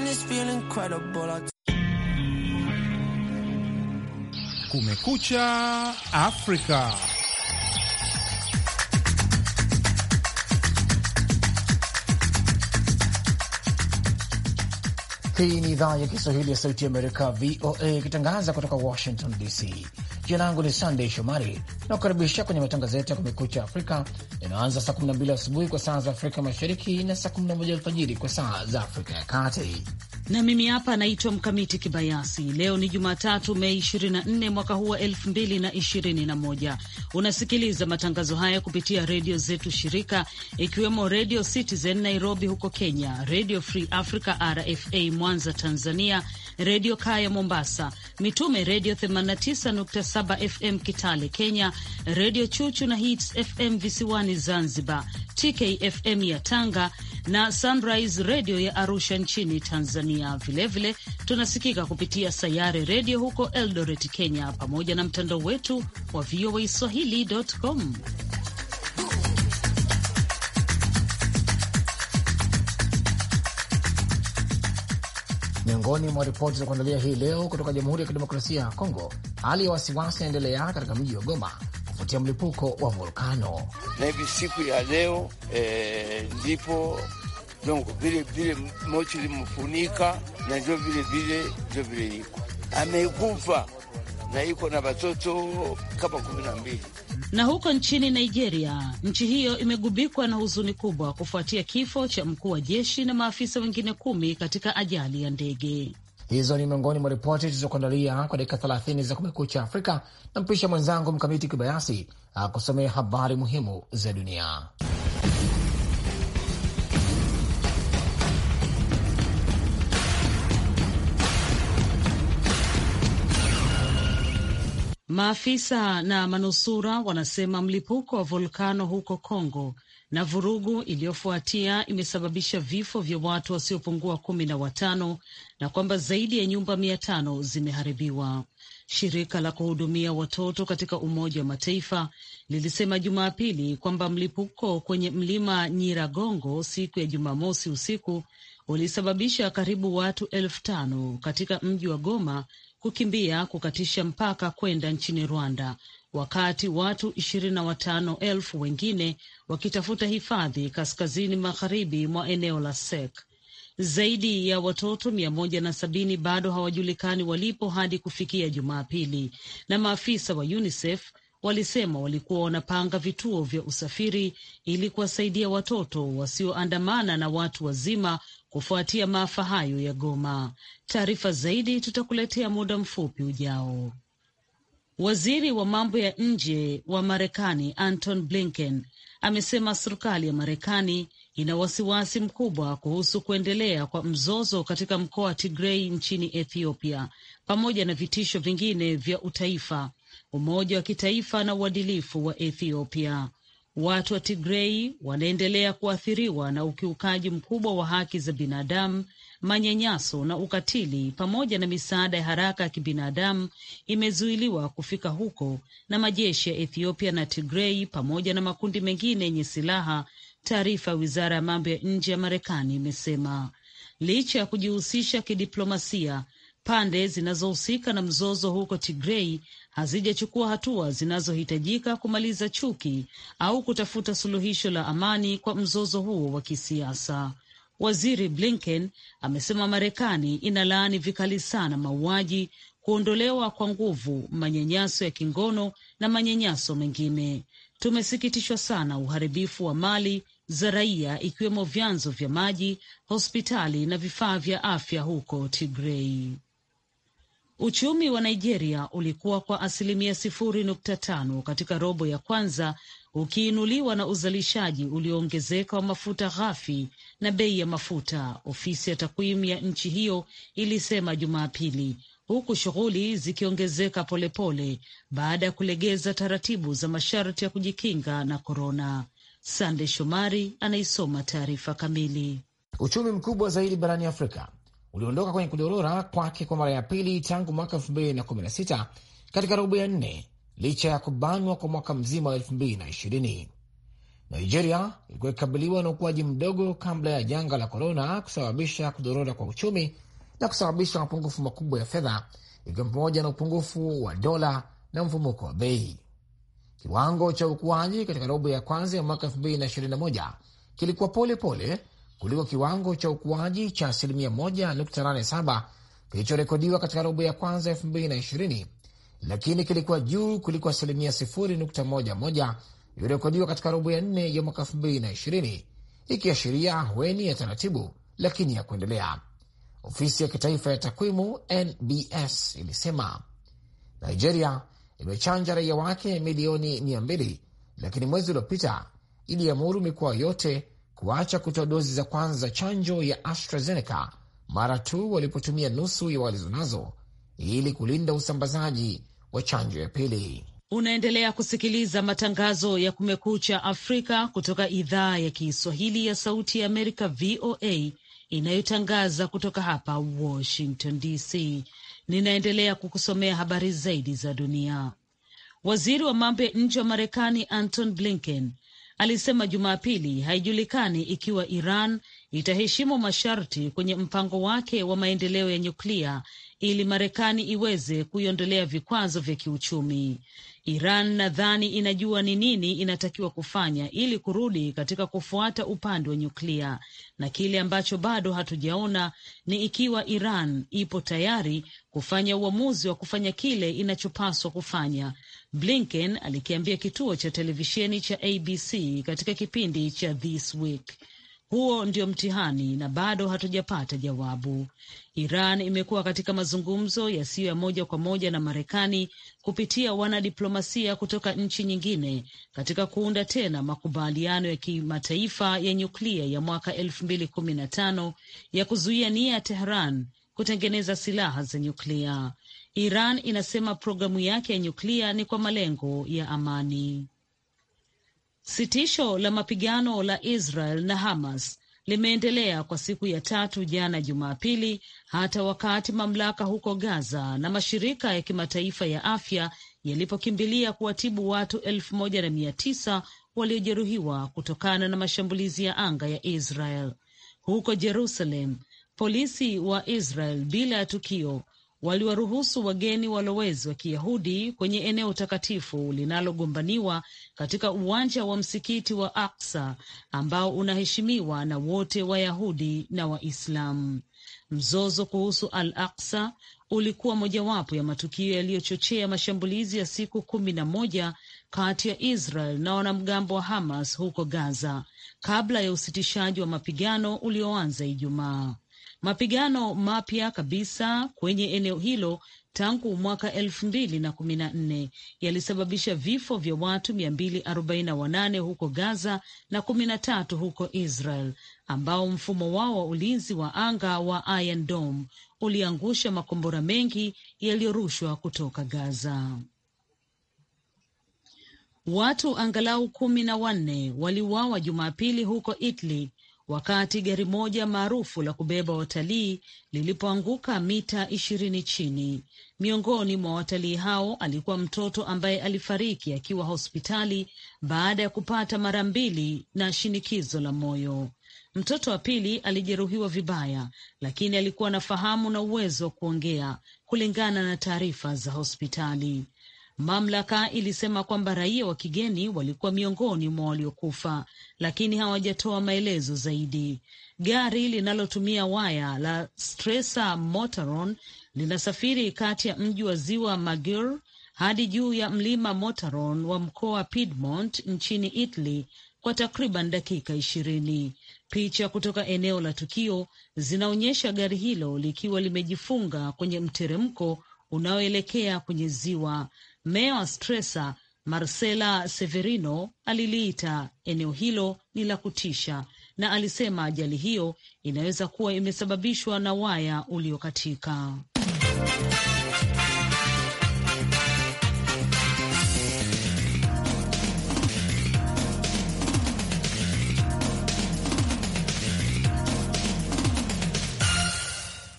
it's incredible. Kumekucha Afrika. Hii ni idhaa ya Kiswahili ya Sauti ya Amerika, VOA, ikitangaza kutoka Washington DC. Jina langu ni Sandey Shomari, tunakukaribisha kwenye matangazo yetu ya Kumekucha Afrika yanayoanza saa 12 asubuhi kwa saa za Afrika Mashariki na saa 11 alfajiri kwa saa za Afrika ya Kati na mimi hapa naitwa Mkamiti Kibayasi. Leo ni Jumatatu, Mei 24 mwaka huu wa 2021. Unasikiliza matangazo haya kupitia redio zetu shirika, ikiwemo Redio Citizen Nairobi huko Kenya, Redio Free Africa RFA Mwanza Tanzania, Redio Kaya Mombasa, Mitume Redio 89.7 FM Kitale Kenya, Redio Chuchu na Hits FM visiwani Zanzibar, TKFM ya Tanga, na Sunrise redio ya Arusha nchini Tanzania. Vilevile tunasikika kupitia Sayare redio huko Eldoret, Kenya, pamoja na mtandao wetu wa VOA Swahili.com. Miongoni mwa ripoti za kuandalia hii leo kutoka Jamhuri ya Kidemokrasia ya Kongo, hali ya wasiwasi inaendelea katika mji wa Goma kufuatia mlipuko wa volkano. Na hivi siku ya leo eh, ndipo eh, dongo vilevile mochi limfunika na ndio vilevile ndio vile iko amekufa na iko na watoto kama kumi na mbili. Na huko nchini Nigeria, nchi hiyo imegubikwa na huzuni kubwa kufuatia kifo cha mkuu wa jeshi na maafisa wengine kumi katika ajali ya ndege. Hizo ni miongoni mwa ripoti tulizokuandalia kwa dakika 30 za Kumekucha Afrika, na mpisha mwenzangu Mkamiti Kibayasi akusomea habari muhimu za dunia. Maafisa na manusura wanasema mlipuko wa volkano huko Kongo na vurugu iliyofuatia imesababisha vifo vya watu wasiopungua kumi na watano na kwamba zaidi ya nyumba mia tano zimeharibiwa. Shirika la kuhudumia watoto katika Umoja wa Mataifa lilisema Jumapili kwamba mlipuko kwenye mlima Nyiragongo siku ya Jumamosi usiku ulisababisha karibu watu elfu tano katika mji wa Goma kukimbia kukatisha mpaka kwenda nchini Rwanda wakati watu ishirini na watano elfu wengine wakitafuta hifadhi kaskazini magharibi mwa eneo la Sek. Zaidi ya watoto mia moja na sabini bado hawajulikani walipo hadi kufikia Jumapili, na maafisa wa UNICEF walisema walikuwa wanapanga vituo vya usafiri ili kuwasaidia watoto wasioandamana na watu wazima kufuatia maafa hayo ya Goma. Taarifa zaidi tutakuletea muda mfupi ujao. Waziri wa mambo ya nje wa Marekani Anton Blinken amesema serikali ya Marekani ina wasiwasi mkubwa kuhusu kuendelea kwa mzozo katika mkoa wa Tigrei nchini Ethiopia, pamoja na vitisho vingine vya utaifa, umoja wa kitaifa na uadilifu wa Ethiopia. Watu wa Tigrei wanaendelea kuathiriwa na ukiukaji mkubwa wa haki za binadamu, manyanyaso na ukatili, pamoja na misaada ya haraka ya kibinadamu imezuiliwa kufika huko na majeshi ya Ethiopia na Tigrei pamoja na makundi mengine yenye silaha, taarifa ya wizara ya mambo ya nje ya Marekani imesema. Licha ya kujihusisha kidiplomasia, Pande zinazohusika na mzozo huko Tigrei hazijachukua hatua zinazohitajika kumaliza chuki au kutafuta suluhisho la amani kwa mzozo huo wa kisiasa. Waziri Blinken amesema Marekani inalaani vikali sana mauaji, kuondolewa kwa nguvu, manyanyaso ya kingono na manyanyaso mengine. Tumesikitishwa sana uharibifu wa mali za raia ikiwemo vyanzo vya maji, hospitali na vifaa vya afya huko Tigrei. Uchumi wa Nigeria ulikuwa kwa asilimia sifuri nukta tano katika robo ya kwanza ukiinuliwa na uzalishaji ulioongezeka wa mafuta ghafi na bei ya mafuta, ofisi ya takwimu ya nchi hiyo ilisema Jumapili, huku shughuli zikiongezeka polepole baada ya kulegeza taratibu za masharti ya kujikinga na korona. Sande Shomari anaisoma taarifa kamili. Uchumi mkubwa zaidi barani Afrika uliondoka kwenye kudorora kwake kwa mara ya pili tangu mwaka 216 katika robo ya nne licha ya kubanwa kwa mwaka mzima wa 2020. Nigeria ilikuwa ikikabiliwa na ukuaji mdogo kabla ya janga la korona kusababisha kudorora kwa uchumi na kusababisha mapungufu makubwa ya fedha, ikiwa pamoja na upungufu wa dola na mfumuko wa bei. Kiwango cha ukuaji katika robo ya kwanza ya mwaka 2021 kilikuwa polepole pole kuliko kiwango cha ukuaji cha asilimia 1.87 kilichorekodiwa katika robo ya kwanza ya 2020, lakini kilikuwa juu kuliko asilimia 0.11 iliyorekodiwa katika robo ya nne ya mwaka 2020, ikiashiria weni ya taratibu lakini ya kuendelea. Ofisi ya kitaifa ya takwimu NBS ilisema Nigeria imechanja raia wake milioni 200, lakini mwezi uliopita iliamuru mikoa yote kuacha kutoa dozi za kwanza za chanjo ya AstraZeneca mara tu walipotumia nusu ya walizonazo ili kulinda usambazaji wa chanjo ya pili. Unaendelea kusikiliza matangazo ya Kumekucha Afrika kutoka idhaa ya Kiswahili ya Sauti ya Amerika, VOA, inayotangaza kutoka hapa Washington DC. Ninaendelea kukusomea habari zaidi za dunia. Waziri wa mambo ya nje wa Marekani Anton Blinken alisema Jumapili haijulikani ikiwa Iran itaheshimu masharti kwenye mpango wake wa maendeleo ya nyuklia ili Marekani iweze kuiondolea vikwazo vya kiuchumi. Iran nadhani inajua ni nini inatakiwa kufanya ili kurudi katika kufuata upande wa nyuklia, na kile ambacho bado hatujaona ni ikiwa Iran ipo tayari kufanya uamuzi wa kufanya kile inachopaswa kufanya, Blinken alikiambia kituo cha televisheni cha ABC katika kipindi cha This Week. Huo ndio mtihani na bado hatujapata jawabu. Iran imekuwa katika mazungumzo yasiyo ya moja kwa moja na Marekani kupitia wanadiplomasia kutoka nchi nyingine katika kuunda tena makubaliano ya kimataifa ya nyuklia ya mwaka elfu mbili kumi na tano ya kuzuia nia ya Tehran kutengeneza silaha za nyuklia. Iran inasema programu yake ya nyuklia ni kwa malengo ya amani. Sitisho la mapigano la Israel na Hamas limeendelea kwa siku ya tatu jana Jumapili, hata wakati mamlaka huko Gaza na mashirika ya kimataifa ya afya yalipokimbilia kuwatibu watu elfu moja na mia tisa waliojeruhiwa kutokana na mashambulizi ya anga ya Israel. Huko Jerusalem, polisi wa Israel bila ya tukio waliwaruhusu wageni walowezi wa Kiyahudi kwenye eneo takatifu linalogombaniwa katika uwanja wa msikiti wa Aksa ambao unaheshimiwa na wote Wayahudi na Waislamu. Mzozo kuhusu Al Aksa ulikuwa mojawapo ya matukio yaliyochochea mashambulizi ya siku kumi na moja kati ya Israel na wanamgambo wa Hamas huko Gaza kabla ya usitishaji wa mapigano ulioanza Ijumaa mapigano mapya kabisa kwenye eneo hilo tangu mwaka elfu mbili na kumi na nne yalisababisha vifo vya watu mia mbili arobaini na wanane huko Gaza na kumi na tatu huko Israel, ambao mfumo wao wa ulinzi wa anga wa Iron Dome uliangusha makombora mengi yaliyorushwa kutoka Gaza. Watu angalau kumi na wanne waliuawa Jumapili huko Italy wakati gari moja maarufu la kubeba watalii lilipoanguka mita ishirini chini. Miongoni mwa watalii hao alikuwa mtoto ambaye alifariki akiwa hospitali baada ya kupata mara mbili na shinikizo la moyo. Mtoto wa pili alijeruhiwa vibaya, lakini alikuwa na fahamu na uwezo wa kuongea, kulingana na taarifa za hospitali. Mamlaka ilisema kwamba raia wa kigeni walikuwa miongoni mwa waliokufa, lakini hawajatoa maelezo zaidi. Gari linalotumia waya la Stresa Motaron linasafiri kati ya mji wa ziwa magur hadi juu ya mlima Motaron wa mkoa Piedmont nchini Italy kwa takriban dakika ishirini. Picha kutoka eneo la tukio zinaonyesha gari hilo likiwa limejifunga kwenye mteremko unaoelekea kwenye ziwa Meya wa Stresa Marcela Severino aliliita eneo hilo ni la kutisha na alisema ajali hiyo inaweza kuwa imesababishwa na waya uliokatika.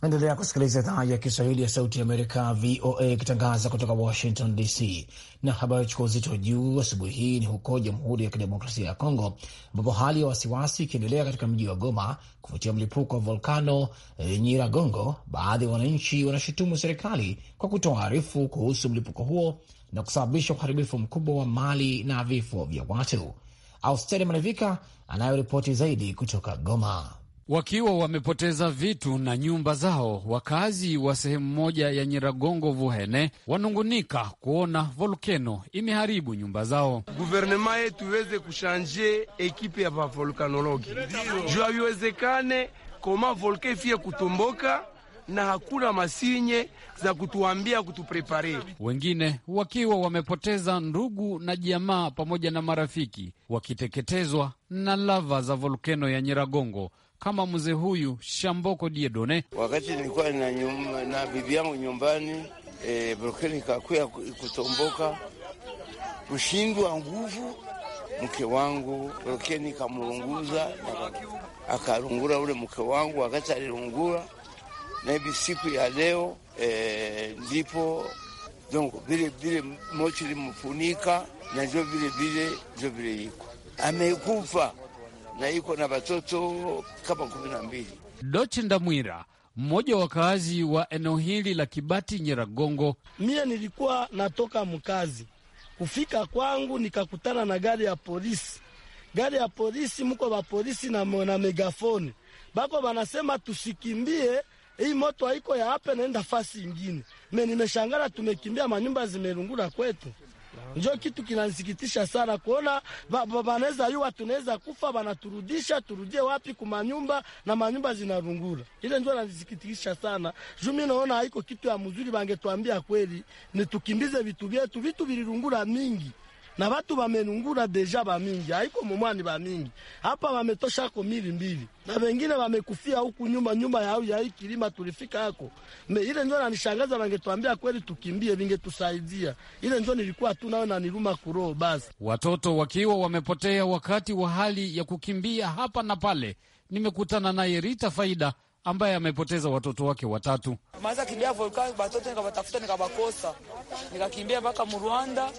Naendelea kusikiliza idhaa ya Kiswahili ya Sauti ya Amerika, VOA, ikitangaza kutoka Washington DC. Na habari chukua uzito wa juu asubuhi hii ni huko Jamhuri ya Kidemokrasia ya Kongo, ambapo hali ya wasiwasi ikiendelea katika mji wa Goma kufuatia mlipuko wa volkano e, eh, Nyiragongo. Baadhi ya wananchi wanashutumu serikali kwa kutoarifu kuhusu mlipuko huo na kusababisha uharibifu mkubwa wa mali na vifo vya watu. Austeri malivika anayoripoti zaidi kutoka Goma. Wakiwa wamepoteza vitu na nyumba zao, wakazi wa sehemu moja ya Nyiragongo Vuhene wanungunika kuona volkeno imeharibu nyumba zao. Guvernema yetu iweze kushanje ekipe ya vavolkanologi juu aviwezekane koma volke fie kutomboka na hakuna masinye za kutuambia kutuprepare. Wengine wakiwa wamepoteza ndugu na jamaa pamoja na marafiki wakiteketezwa na lava za volkeno ya Nyiragongo kama mzee huyu Shamboko Diedone. Wakati nilikuwa na, na bibi yangu nyumbani e, brokeni kakuya kutomboka kushindwa nguvu, mke wangu brokeni kamurunguza, akarungura ule mke wangu. Wakati alirungura na hivi siku ya leo e, ndipo donc vile vile mochi limufunika na njo vile vile njo vile iko amekufa na iko na watoto kama kumi na mbili. Doche Ndamwira, mmoja wa kazi wa eneo hili la Kibati Nyiragongo. Mie nilikuwa natoka mkazi, kufika kwangu nikakutana na gari ya polisi. Gari ya polisi mko wa polisi na, na megafoni bako wanasema tusikimbie hii moto haiko ya hapa, naenda fasi ingine. Me nimeshangara, tumekimbia manyumba zimerungula kwetu. Njo kitu kinanisikitisha sana kuona banaweza yuwa, tunaweza kufa, wanaturudisha turudie wapi? Kumanyumba na manyumba zinarungula, ile njo nanisikitisha sana jumi. naona haiko kitu ya mzuri. Bangetuambia kweli, ni tukimbize vitu vyetu, vitu vilirungula mingi na watu wamenungura deja bamingi, haiko momwani bamingi hapa, wametosha ko mili mbili na vengine wamekufia huku nyuma nyuma yao ya hii kilima tulifika hako me, ile ndio nanishangaza. Wangetuambia kweli tukimbie, lingetusaidia. Ile ndio nilikuwa tu nayo na niluma kuroho. Basi watoto wakiwa wamepotea wakati wa hali ya kukimbia hapa na pale, nimekutana naye Rita Faida ambaye amepoteza watoto wake watatu. Maanza kimbia volkani batoto, nikawatafuta nikawakosa, nikakimbia mpaka Mrwanda.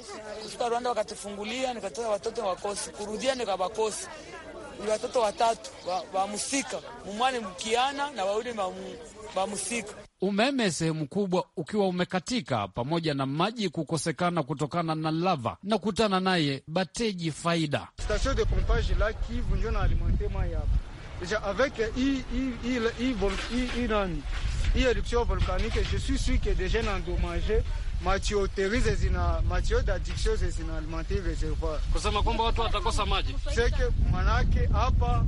Kufika Rwanda wakatifungulia, nikatoa watoto nikawakosa, kurudia nikawakosa ni watoto watatu wamusika wa mumwane mkiana na wawili wamusika. Umeme sehemu kubwa ukiwa umekatika pamoja na maji kukosekana kutokana na lava. Na kutana naye Bateji Faida avec hii euh, éruption volcanique, je suis sûr que des jeunes endommagés matioteri zina matio addiction zinaalimenter reservoir, kusema kwamba watu watakosa maji seke, manake hapa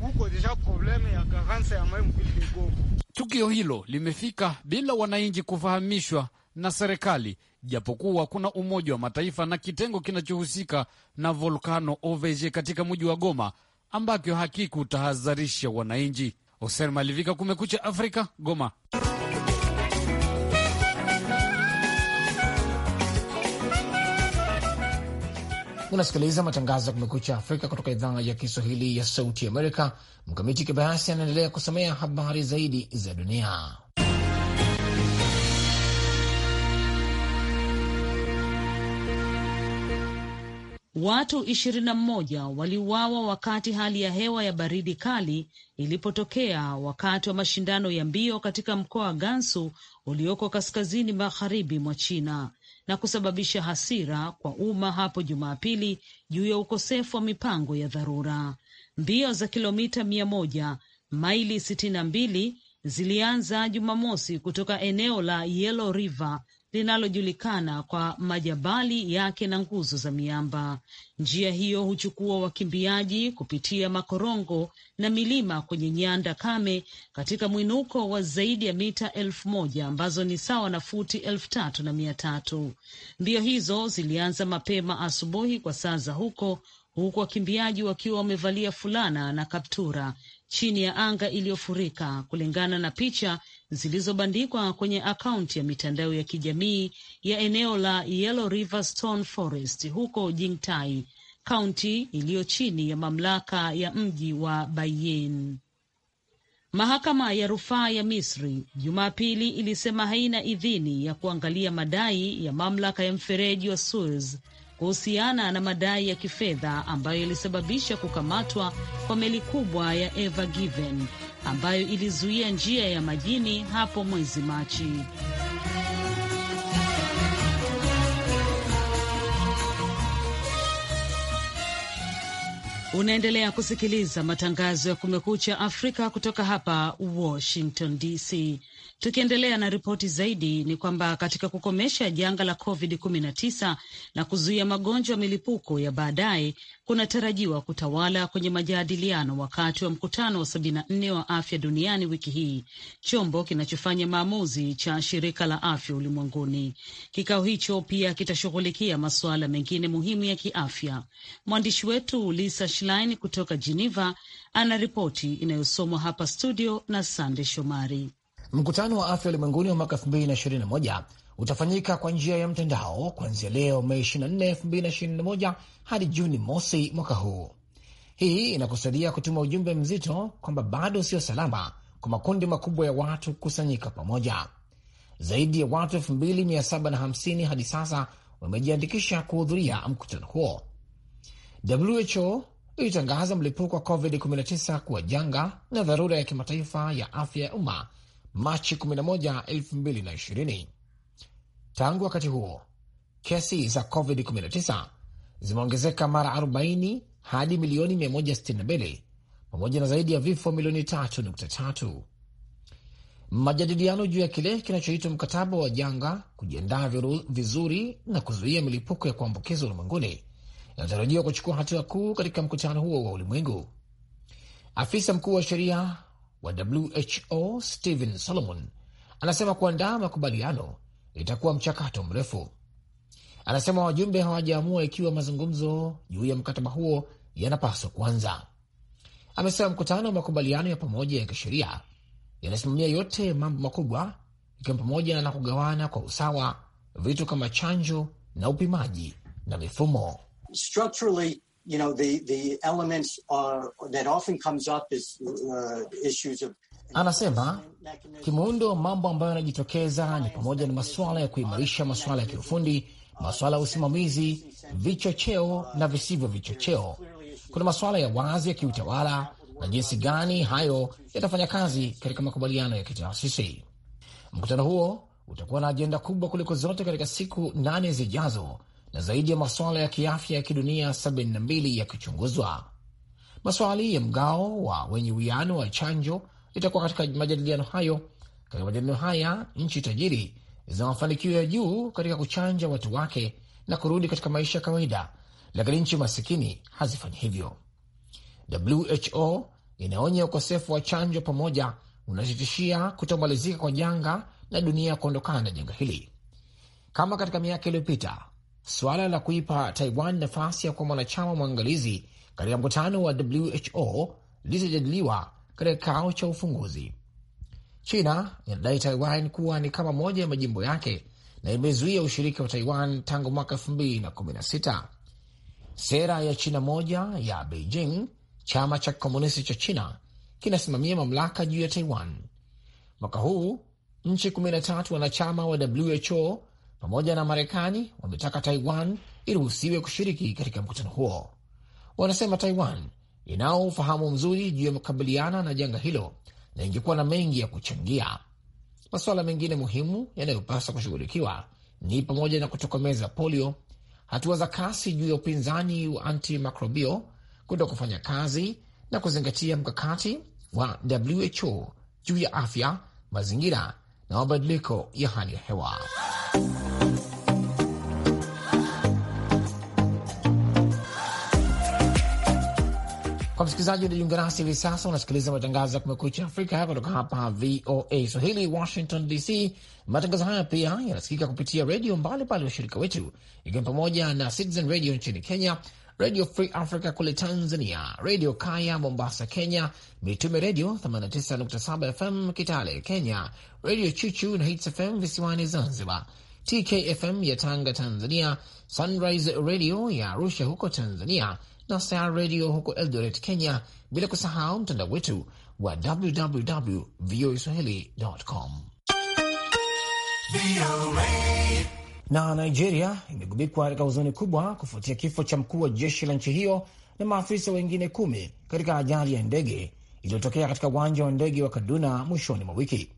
huko deja probleme ya garanse ya mai mvili Goma. Tukio hilo limefika bila wananchi kufahamishwa na serikali, japokuwa kuna Umoja wa Mataifa na kitengo kinachohusika na volkano OVG katika mji wa Goma ambacho hakikutahadharisha wananchi. Oser Malivika, Kumekucha Afrika, Goma. Unasikiliza matangazo ya Kumekucha Afrika kutoka idhaa ya Kiswahili ya Sauti Amerika. Mkamiti Kibayasi anaendelea kusomea habari zaidi za dunia. Watu ishirini na mmoja waliuawa wakati hali ya hewa ya baridi kali ilipotokea wakati wa mashindano ya mbio katika mkoa wa Gansu ulioko kaskazini magharibi mwa China na kusababisha hasira kwa umma hapo Jumapili juu ya ukosefu wa mipango ya dharura. Mbio za kilomita mia moja maili sitini na mbili zilianza Jumamosi kutoka eneo la Yellow River linalojulikana kwa majabali yake na nguzo za miamba. Njia hiyo huchukua wakimbiaji kupitia makorongo na milima kwenye nyanda kame katika mwinuko wa zaidi ya mita elfu moja ambazo ni sawa na futi elfu tatu na mia tatu. Mbio hizo zilianza mapema asubuhi kwa saa za huko, huku wakimbiaji wakiwa wamevalia fulana na kaptura chini ya anga iliyofurika, kulingana na picha zilizobandikwa kwenye akaunti ya mitandao ya kijamii ya eneo la Yellow River Stone Forest huko Jingtai, kaunti iliyo chini ya mamlaka ya mji wa Bayin. Mahakama ya rufaa ya Misri Jumapili ilisema haina idhini ya kuangalia madai ya mamlaka ya mfereji wa Suez kuhusiana na madai ya kifedha ambayo ilisababisha kukamatwa kwa meli kubwa ya Ever Given ambayo ilizuia njia ya majini hapo mwezi Machi. Unaendelea kusikiliza matangazo ya Kumekucha Afrika kutoka hapa Washington DC. Tukiendelea na ripoti zaidi ni kwamba katika kukomesha janga la COVID-19 na kuzuia magonjwa ya milipuko ya baadaye kunatarajiwa kutawala kwenye majadiliano wakati wa mkutano wa 74 wa afya duniani wiki hii, chombo kinachofanya maamuzi cha shirika la afya ulimwenguni. Kikao hicho pia kitashughulikia masuala mengine muhimu ya kiafya. Mwandishi wetu Lisa Schlein kutoka Geneva ana ripoti inayosomwa hapa studio na Sande Shomari. Mkutano wa afya ulimwenguni wa mwaka 2021 utafanyika kwa njia ya mtandao kuanzia leo Mei 24, 2021 hadi Juni mosi mwaka huu. Hii inakusudia kutuma ujumbe mzito kwamba bado sio salama kwa makundi makubwa ya watu kukusanyika pamoja. Zaidi ya watu 2750 hadi sasa wamejiandikisha kuhudhuria mkutano huo. WHO ilitangaza mlipuko wa COVID-19 kuwa janga na dharura ya kimataifa ya afya ya umma Machi 11, 2020. Tangu wakati huo kesi za COVID-19 zimeongezeka mara 40 hadi milioni 162 pamoja na zaidi ya vifo milioni 3.3. Majadiliano juu ya kile kinachoitwa mkataba wa janga, kujiandaa vizuri na kuzuia milipuko ya kuambukizwa ulimwenguni inatarajiwa kuchukua hatua kuu katika mkutano huo wa ulimwengu. Afisa mkuu wa sheria wa WHO Stephen Solomon anasema kuandaa makubaliano itakuwa mchakato mrefu. Anasema wajumbe hawajaamua ikiwa mazungumzo juu ya mkataba huo yanapaswa kuanza. Amesema mkutano wa makubaliano ya pamoja ya kisheria yanasimamia yote mambo makubwa, ikiwa pamoja na kugawana kwa usawa vitu kama chanjo na upimaji na mifumo Structurally you know, the, the elements are, that often comes up is, uh, issues of... Anasema kimuundo, mambo ambayo yanajitokeza ni pamoja na masuala ya kuimarisha masuala ya kiufundi, masuala ya usimamizi, vichocheo na visivyo vichocheo. Kuna masuala ya wazi ya kiutawala na jinsi gani hayo yatafanya kazi katika makubaliano ya kitaasisi. Mkutano huo utakuwa na ajenda kubwa kuliko zote katika siku nane zijazo na zaidi ya masuala ya kiafya ya kidunia 72 yakichunguzwa. Maswali ya mgao wa wenye wiano wa chanjo itakuwa katika majadiliano hayo. Katika majadiliano haya, nchi tajiri zina mafanikio ya juu katika kuchanja watu wake na kurudi katika maisha ya kawaida, lakini nchi masikini hazifanyi hivyo. WHO inaonya ukosefu wa chanjo pamoja unatitishia kutomalizika kwa janga na dunia kuondokana na janga hili. Kama katika miaka iliyopita, suala la kuipa Taiwan nafasi ya kuwa mwanachama mwangalizi katika mkutano wa WHO litajadiliwa katika kikao cha ufunguzi. China inadai Taiwan kuwa ni kama moja ya majimbo yake na imezuia ushiriki wa Taiwan tangu mwaka 2016. Sera ya China moja ya Beijing, chama cha kikomunisti cha China kinasimamia mamlaka juu ya Taiwan. Mwaka huu nchi 13 wanachama wa WHO pamoja na Marekani wametaka Taiwan iruhusiwe kushiriki katika mkutano huo. Wanasema Taiwan inao ufahamu mzuri juu ya kukabiliana na janga hilo na ingekuwa na mengi ya kuchangia. Masuala mengine muhimu yanayopaswa kushughulikiwa ni pamoja na kutokomeza polio, hatua za kasi juu ya upinzani wa antimakrobio, kuto kufanya kazi na kuzingatia mkakati wa WHO juu ya afya, mazingira na mabadiliko ya hali ya hewa. Kwa msikilizaji unajiunga nasi hivi sasa, unasikiliza matangazo ya Kumekucha Afrika kutoka hapa VOA Swahili, Washington DC. Matangazo haya pia yanasikika kupitia redio mbalimbali washirika wetu, ikiwa ni pamoja na Citizen Radio nchini Kenya, Radio Free Africa kule Tanzania, Redio Kaya Mombasa, Kenya, Mitume Redio 89.7 FM Kitale, Kenya, Redio Chuchu na Hits FM visiwani Zanzibar, TKFM ya Tanga Tanzania, Sunrise Radio ya Arusha huko Tanzania na Star Radio huko Eldoret Kenya, bila kusahau mtandao wetu wa www voa swahili.com. Na Nigeria imegubikwa katika huzuni kubwa kufuatia kifo cha mkuu wa jeshi la nchi hiyo na maafisa wengine kumi katika ajali ya ndege iliyotokea katika uwanja wa ndege wa Kaduna mwishoni mwa wiki.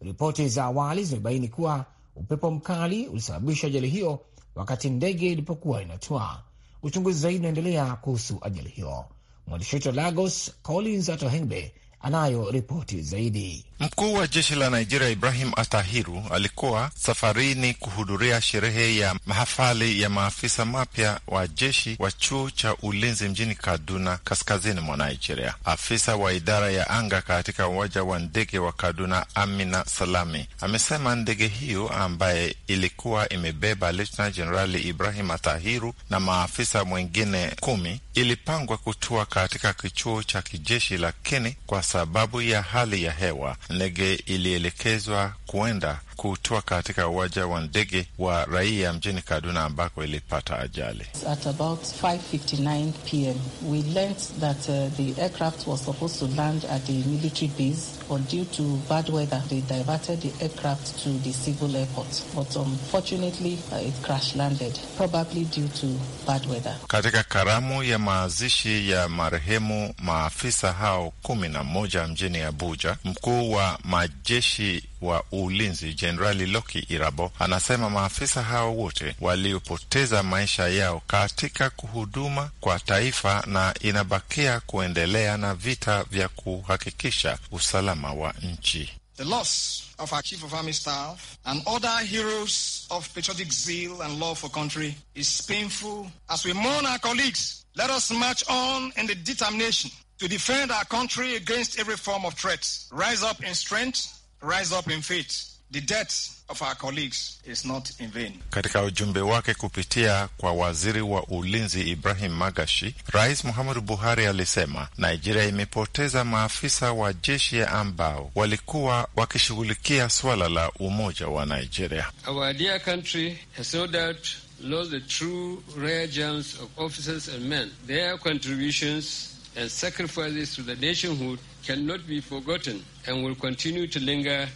Ripoti za awali zimebaini kuwa Upepo mkali ulisababisha ajali hiyo wakati ndege ilipokuwa inatua. Uchunguzi zaidi unaendelea kuhusu ajali hiyo. Mwandishi wetu wa Lagos, Collins Atohengbe, anayo ripoti zaidi. Mkuu wa jeshi la Nigeria Ibrahim Atahiru alikuwa safarini kuhudhuria sherehe ya mahafali ya maafisa mapya wa jeshi wa chuo cha ulinzi mjini Kaduna, kaskazini mwa Nigeria. Afisa wa idara ya anga katika uwanja wa ndege wa Kaduna, Amina Salami, amesema ndege hiyo ambaye ilikuwa imebeba Luteni Jenerali Ibrahim Atahiru na maafisa mwengine kumi ilipangwa kutua katika kichuo cha kijeshi, lakini kwa sababu ya hali ya hewa, ndege ilielekezwa kuenda kutua katika uwanja wa ndege wa raia mjini Kaduna ambako ilipata ajali. At about 5:59 pm we learnt that uh, the aircraft was supposed to land at the military base but due to bad weather they diverted the aircraft to the civil airport but unfortunately uh, it crash landed probably due to bad weather. Katika karamu ya mazishi ya marehemu maafisa hao kumi na moja mjini Abuja, mkuu wa majeshi wa ulinzi Jenerali Loki Irabo anasema maafisa hao wote waliopoteza maisha yao katika kuhuduma kwa taifa na inabakia kuendelea na vita vya kuhakikisha usalama wa nchi. The loss of our Chief of Army Staff and other heroes of patriotic zeal and love for country is painful. As we mourn our colleagues, let us march on in the determination to defend our country against every form of threat. Rise up in strength rise up in faith. The death of our colleagues is not in vain. Katika ujumbe wake kupitia kwa waziri wa ulinzi Ibrahim Magashi, Rais Muhammadu Buhari alisema Nigeria imepoteza maafisa wa jeshi ambao walikuwa wakishughulikia suala la umoja wa Nigeria. Our dear country has no doubt lost the true rare gems of officers and men. Their contributions and sacrifices to the nationhood cannot be forgotten and will continue to linger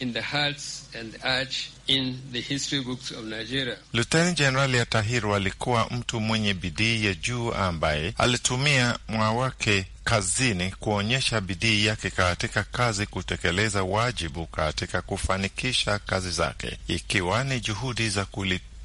in the hearts and arch in the history books of Nigeria. Lieutenant General Atahiru alikuwa mtu mwenye bidii ya juu ambaye alitumia mwa wake kazini kuonyesha bidii yake katika kazi, kutekeleza wajibu katika kufanikisha kazi zake, ikiwa ni juhudi za kulipa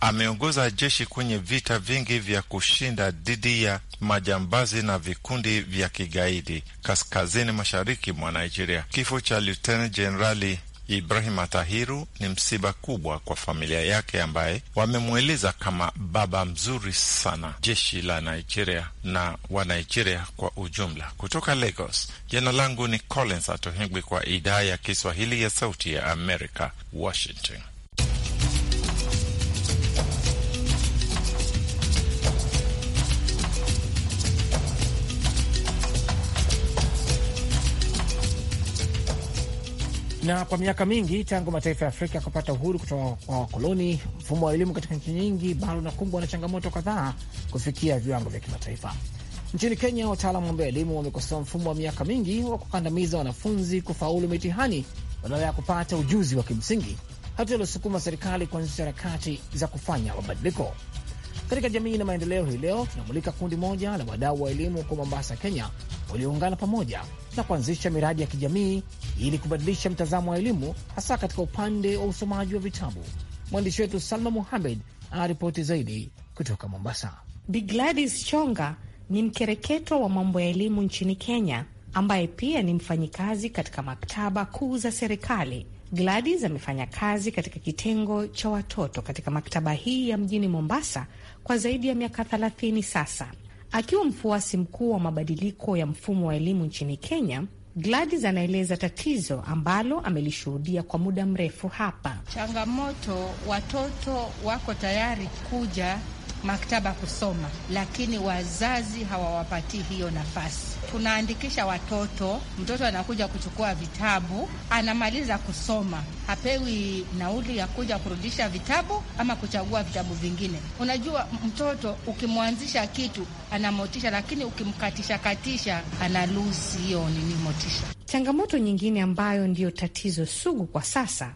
ameongoza jeshi kwenye vita vingi vya kushinda dhidi ya majambazi na vikundi vya kigaidi kaskazini mashariki mwa Nigeria. Kifo cha Lieutenant Jenerali Ibrahim Atahiru ni msiba kubwa kwa familia yake ambaye wamemweleza kama baba mzuri sana, jeshi la Nigeria na wa Nigeria kwa ujumla. Kutoka Lagos, jina langu ni Collins Atohengwi kwa idhaa ya Kiswahili ya Sauti ya Amerika, Washington. Na kwa miaka mingi tangu mataifa ya Afrika kupata uhuru kutoka kwa wakoloni, mfumo wa elimu katika nchi nyingi bado unakumbwa na changamoto kadhaa kufikia viwango vya kimataifa. Nchini Kenya, wataalamu wa elimu wamekosoa mfumo wa miaka mingi wa kukandamiza wanafunzi kufaulu mitihani badala ya kupata ujuzi wa kimsingi, hatua iliosukuma serikali kuanzisha harakati za kufanya mabadiliko. Katika jamii na maendeleo, hii leo tunamulika kundi moja la wadau wa elimu huko Mombasa, Kenya, walioungana pamoja na kuanzisha miradi ya kijamii ili kubadilisha mtazamo wa elimu hasa katika upande wa usomaji wa vitabu. Mwandishi wetu Salma Muhamed anaripoti zaidi kutoka Mombasa. Bi Gladys Chonga ni mkereketo wa mambo ya elimu nchini Kenya ambaye pia ni mfanyikazi katika maktaba kuu za serikali. Gladys amefanya kazi katika kitengo cha watoto katika maktaba hii ya mjini Mombasa kwa zaidi ya miaka 30 sasa. Akiwa mfuasi mkuu wa mabadiliko ya mfumo wa elimu nchini Kenya, Gladys anaeleza tatizo ambalo amelishuhudia kwa muda mrefu hapa. Changamoto, watoto wako tayari kuja maktaba kusoma, lakini wazazi hawawapatii hiyo nafasi. Tunaandikisha watoto, mtoto anakuja kuchukua vitabu, anamaliza kusoma, hapewi nauli ya kuja kurudisha vitabu ama kuchagua vitabu vingine. Unajua, mtoto ukimwanzisha kitu anamotisha lakini ukimkatisha katisha ana lusi hiyo nini motisha. Changamoto nyingine ambayo ndiyo tatizo sugu kwa sasa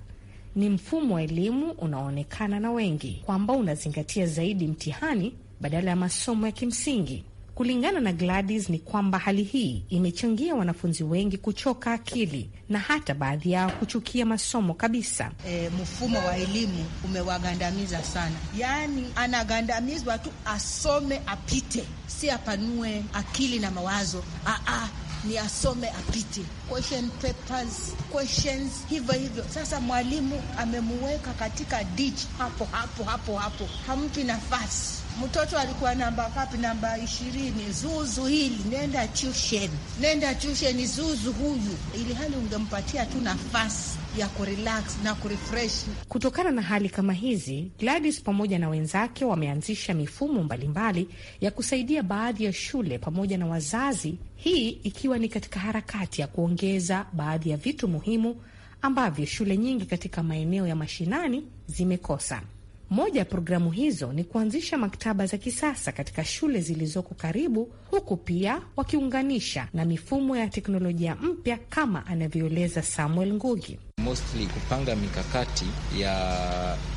ni mfumo wa elimu unaoonekana na wengi kwamba unazingatia zaidi mtihani badala ya masomo ya kimsingi. Kulingana na Gladys ni kwamba hali hii imechangia wanafunzi wengi kuchoka akili na hata baadhi yao kuchukia masomo kabisa. E, mfumo wa elimu umewagandamiza sana, yaani anagandamizwa tu, asome apite, si apanue akili na mawazo. Aa, ah, ah ni asome apite question papers, questions hivyo hivyo. Sasa mwalimu amemuweka katika ditch hapo hapo hapo hapo, hampi nafasi mtoto alikuwa namba ngapi? Namba ishirini. Zuzu hili nenda tuition, nenda tuition zuzu huyu, ili hali ungempatia tu nafasi ya kurelax na kurefresh. Kutokana na hali kama hizi, Gladys pamoja na wenzake wameanzisha mifumo mbalimbali ya kusaidia baadhi ya shule pamoja na wazazi, hii ikiwa ni katika harakati ya kuongeza baadhi ya vitu muhimu ambavyo shule nyingi katika maeneo ya mashinani zimekosa. Moja ya programu hizo ni kuanzisha maktaba za kisasa katika shule zilizoko karibu, huku pia wakiunganisha na mifumo ya teknolojia mpya, kama anavyoeleza Samuel Ngugi mostly kupanga mikakati ya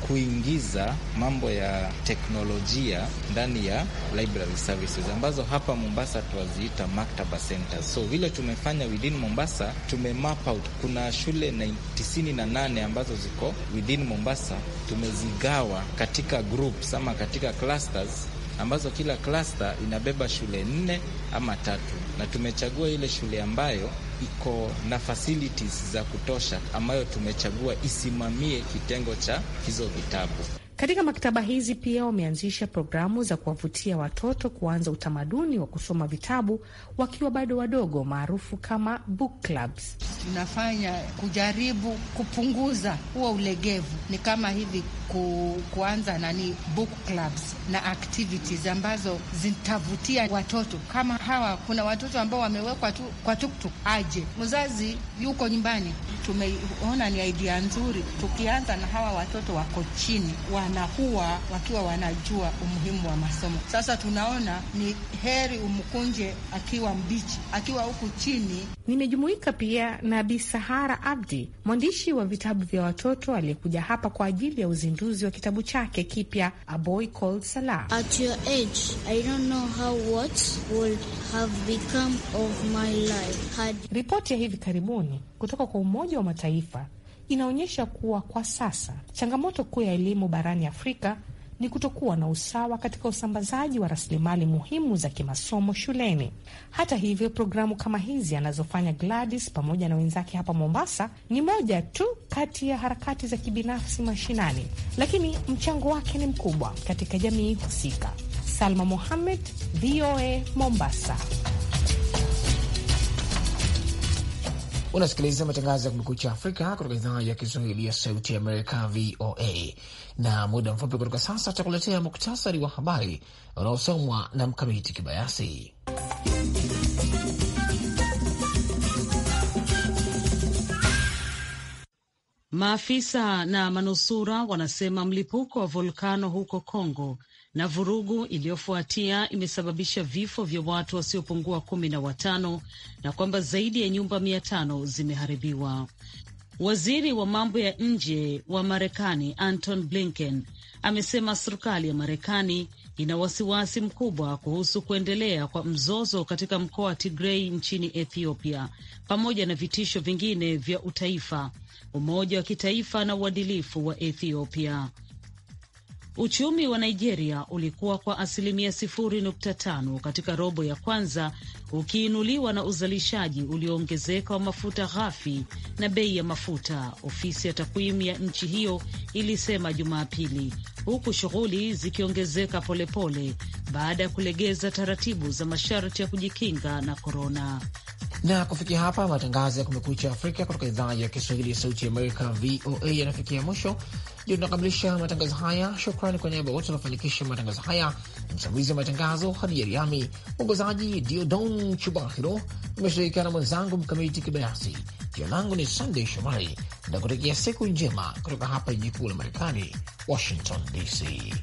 kuingiza mambo ya teknolojia ndani ya library services ambazo hapa Mombasa tuwaziita maktaba centers. So vile tumefanya within Mombasa, tume map out, kuna shule 98 na ambazo ziko within Mombasa, tumezigawa katika groups ama katika clusters ambazo kila cluster inabeba shule nne ama tatu, na tumechagua ile shule ambayo iko na facilities za kutosha ambayo tumechagua isimamie kitengo cha hizo vitabu. Katika maktaba hizi pia wameanzisha programu za kuwavutia watoto kuanza utamaduni wa kusoma vitabu wakiwa bado wadogo, maarufu kama book clubs. Tunafanya kujaribu kupunguza huo ulegevu, ni kama hivi ku, kuanza nani book clubs na activities ambazo zitavutia watoto kama hawa. Kuna watoto ambao wamewekwa tu kwa tuktuk, aje mzazi yuko nyumbani. Tumeona ni idea nzuri, tukianza na hawa watoto wako chini wa na wakiwa wanajua umuhimu wa masomo. Sasa tunaona ni heri umkunje akiwa mbichi, akiwa huku chini. Nimejumuika pia na Bi Sahara Abdi, mwandishi wa vitabu vya watoto aliyekuja hapa kwa ajili ya uzinduzi wa kitabu chake kipya A Boy Called Salah. At your age, I don't know how what would have become of my life had... Ripoti ya hivi karibuni kutoka kwa Umoja wa Mataifa inaonyesha kuwa kwa sasa changamoto kuu ya elimu barani Afrika ni kutokuwa na usawa katika usambazaji wa rasilimali muhimu za kimasomo shuleni. Hata hivyo, programu kama hizi anazofanya Gladys pamoja na wenzake hapa Mombasa ni moja tu kati ya harakati za kibinafsi mashinani, lakini mchango wake ni mkubwa katika jamii husika. Salma Mohamed, VOA Mombasa. Unasikiliza matangazo ya Kumekucha Afrika kutoka idhaa ya Kiswahili ya Sauti ya Amerika, VOA. Na muda mfupi kutoka sasa tutakuletea muktasari wa habari unaosomwa na Mkamiti Kibayasi. Maafisa na manusura wanasema mlipuko wa volkano huko Kongo na vurugu iliyofuatia imesababisha vifo vya watu wasiopungua kumi na watano na kwamba zaidi ya nyumba mia tano zimeharibiwa. Waziri wa mambo ya nje wa Marekani Anton Blinken amesema serikali ya Marekani ina wasiwasi mkubwa kuhusu kuendelea kwa mzozo katika mkoa wa Tigrei nchini Ethiopia, pamoja na vitisho vingine vya utaifa, umoja wa kitaifa na uadilifu wa Ethiopia. Uchumi wa Nigeria ulikuwa kwa asilimia 0.5 katika robo ya kwanza, ukiinuliwa na uzalishaji ulioongezeka wa mafuta ghafi na bei ya mafuta, ofisi ya takwimu ya nchi hiyo ilisema Jumapili, huku shughuli zikiongezeka polepole baada ya kulegeza taratibu za masharti ya kujikinga na korona. Na kufikia hapa matangazo ya Kumekucha Afrika kutoka idhaa ya Kiswahili ya Sauti ya Amerika, VOA, yanafikia mwisho. Ndio tunakamilisha matangazo haya. Shukrani kwa niaba wote wanafanikisha matangazo haya. Msimamizi wa matangazo hadi Yariami, mwongozaji Diodon Chubahiro, imeshirikiana mwenzangu Mkamiti Kibayasi. Jina langu ni Sandey Shomari na kutakia siku njema kutoka hapa jiji kuu la Marekani, Washington DC.